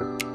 you.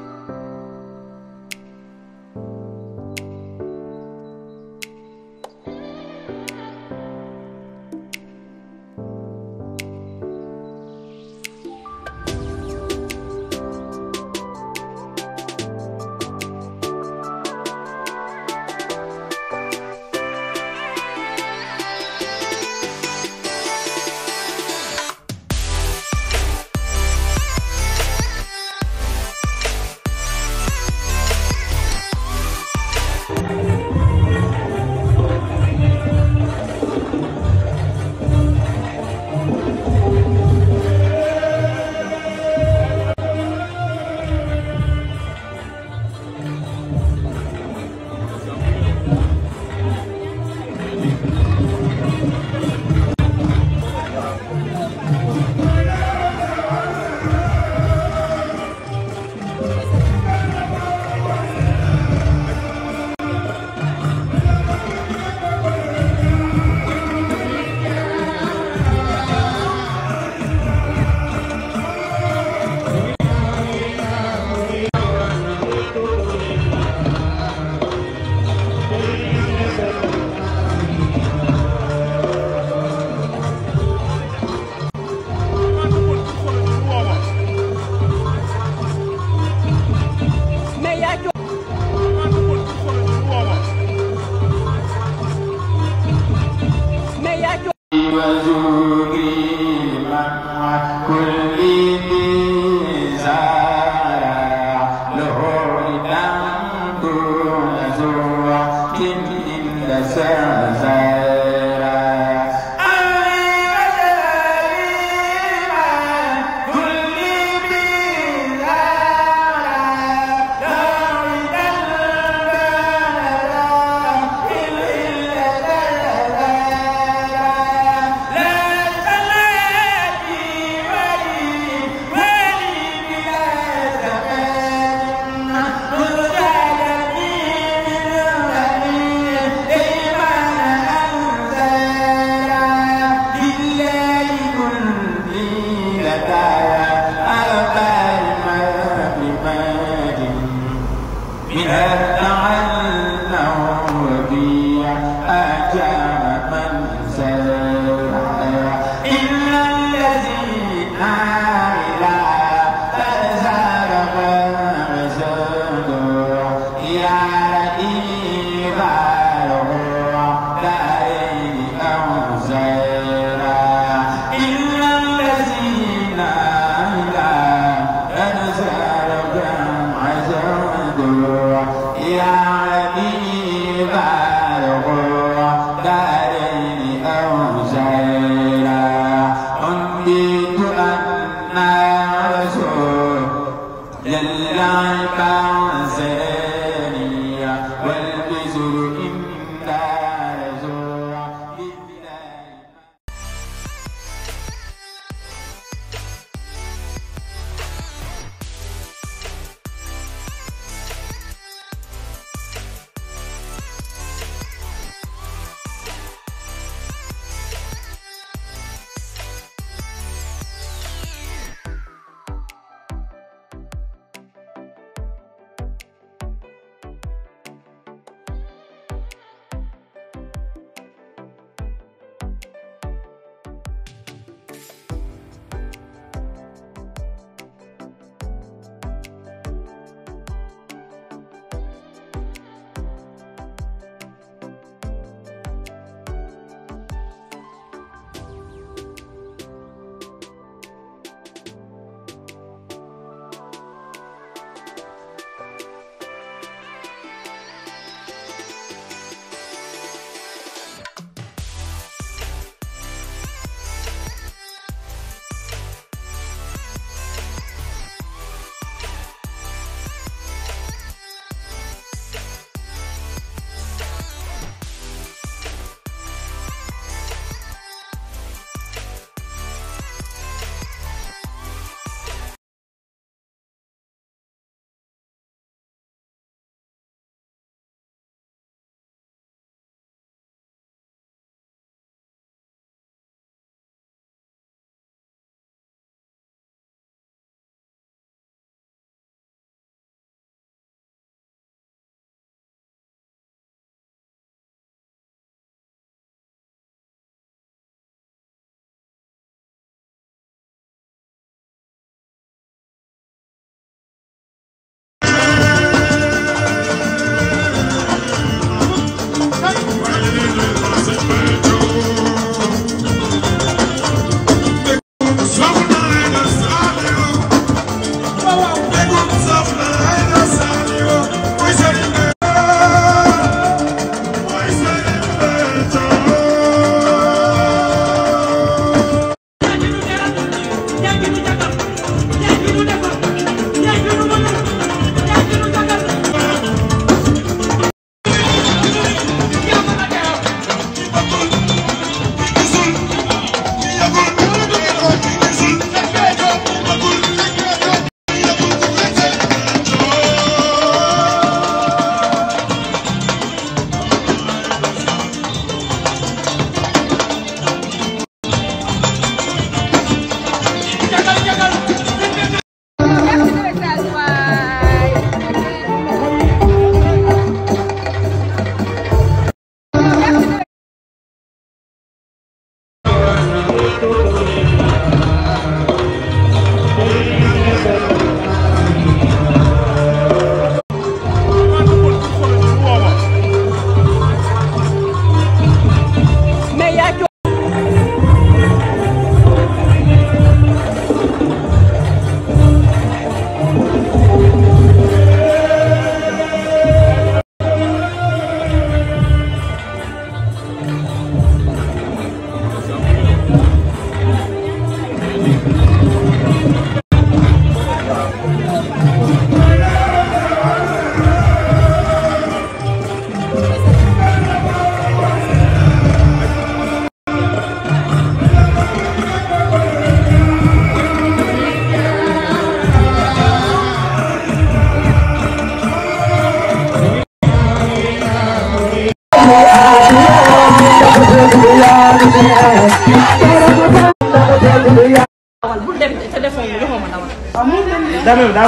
بها تعالى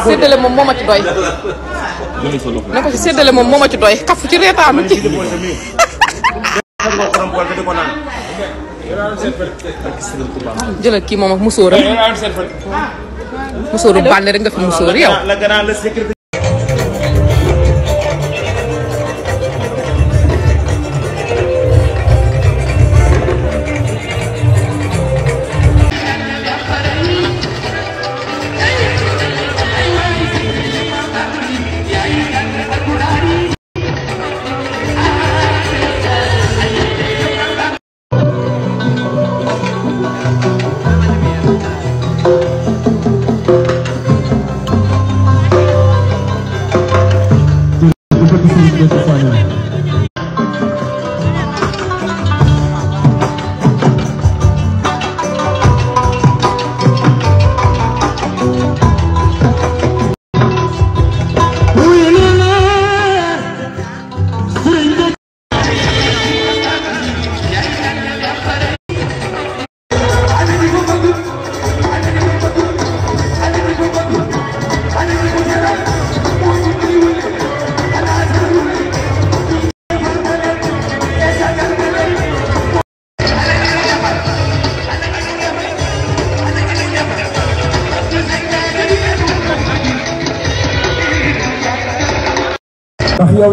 séddale moom moo ma ci doy. ne ko ci séddale moom moo ma ci doy kaf ci reetaanu ci. jëlal kii moom ak musóor musóoru bànn rek nga fi musóor yow.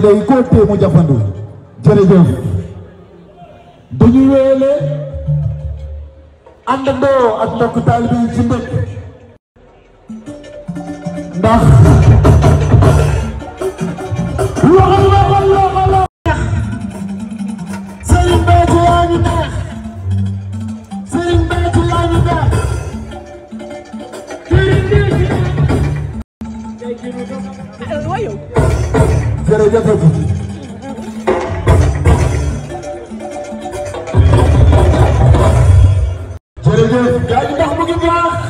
yow day koo téye mu jafandu jërëjëf dañuy wéyale àndandoo ak mbokk taalibe ci mbëkk ndax loxo loxo loxo loxo sëriñ Béthio yaa ñu neex sëriñ Béthio yaa ñu neex sëriñ Béthio jërëjëfati jërëjëf yaa ngi ndax mu ngi baax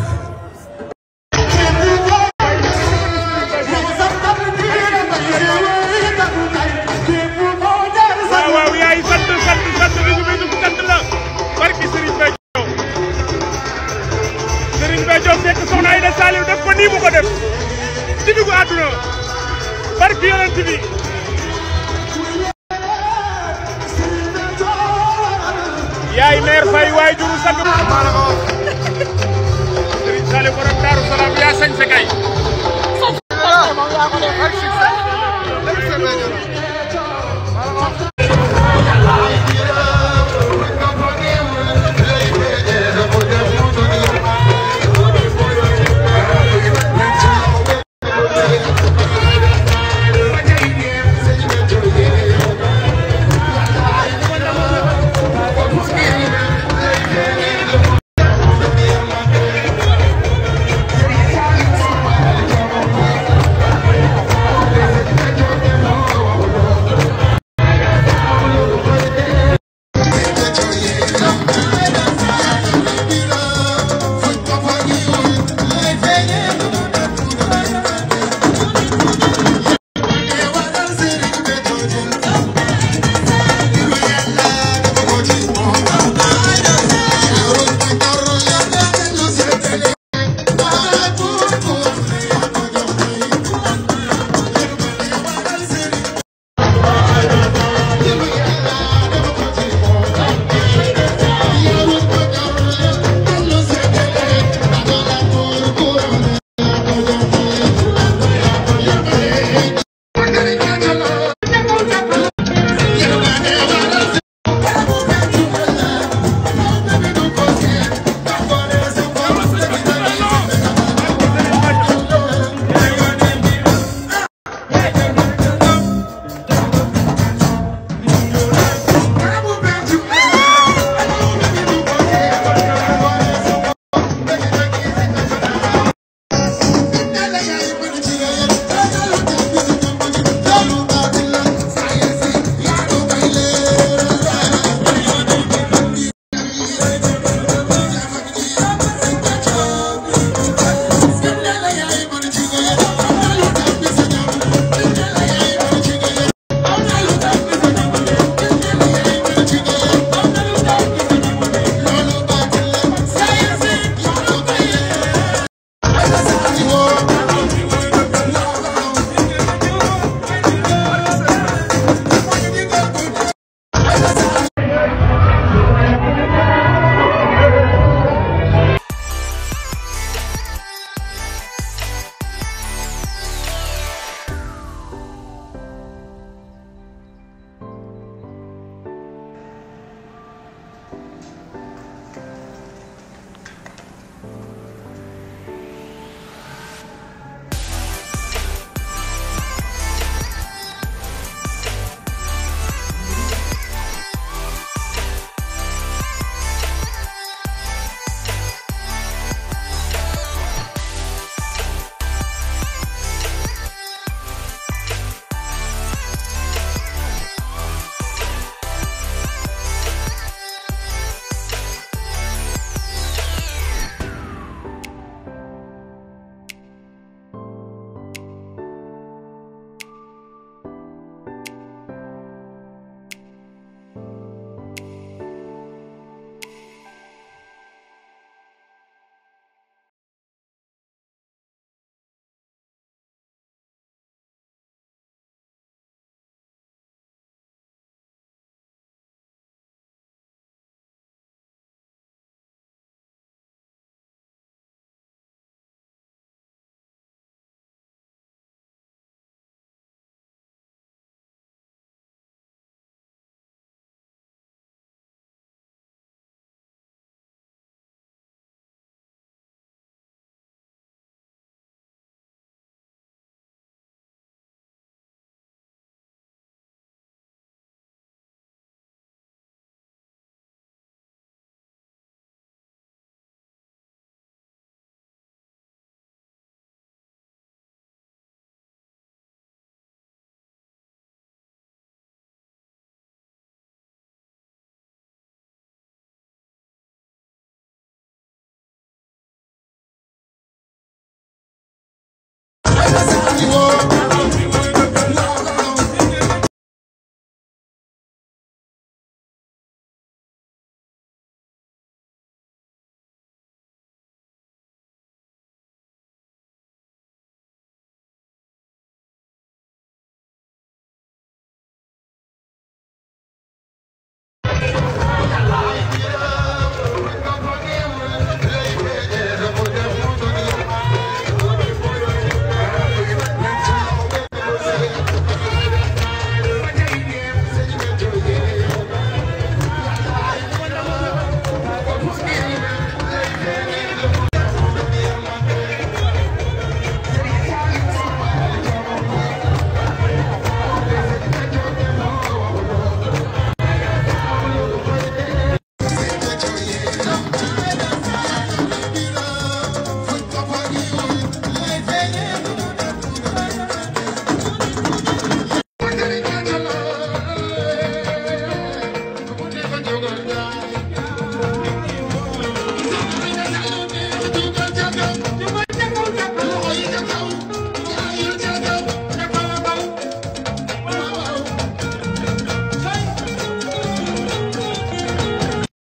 yaay meer fay waay juru sang bu maa la ko wax Serigne Saliou borom Daaru Salaam yaa sañ sa kay